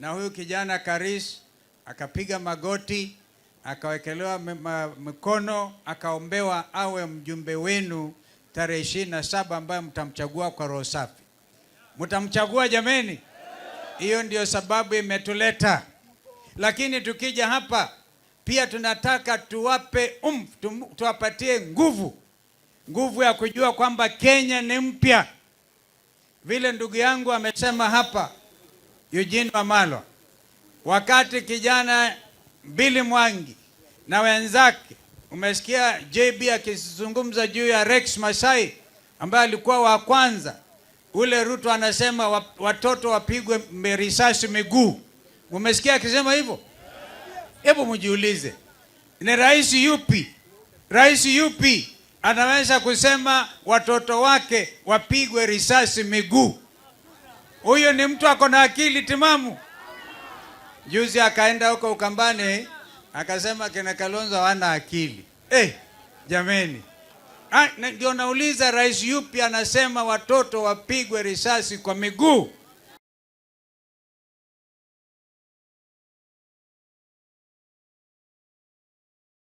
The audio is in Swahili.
na huyu kijana Karis akapiga magoti akawekelewa mkono akaombewa awe mjumbe wenu tarehe ishirini na saba ambayo mtamchagua kwa roho safi. Mtamchagua jameni, hiyo ndiyo sababu imetuleta. Lakini tukija hapa pia tunataka tuwape um, tu, tuwapatie nguvu, nguvu ya kujua kwamba Kenya ni mpya. Vile ndugu yangu amesema hapa Eugene Wamalwa, wakati kijana Billy Mwangi na wenzake, umesikia JB akizungumza juu ya Rex Masai ambaye alikuwa wa kwanza. Ule Ruto anasema watoto wapigwe risasi miguu. Umesikia akisema hivyo? Hebu mjiulize, ni rais yupi, rais yupi anaweza kusema watoto wake wapigwe risasi miguu? Huyu ni mtu ako na akili timamu. Juzi akaenda huko Ukambani akasema kina Kalonzo hawana akili. Eh, jameni, ah, ndio nauliza rais yupi anasema watoto wapigwe risasi kwa miguu?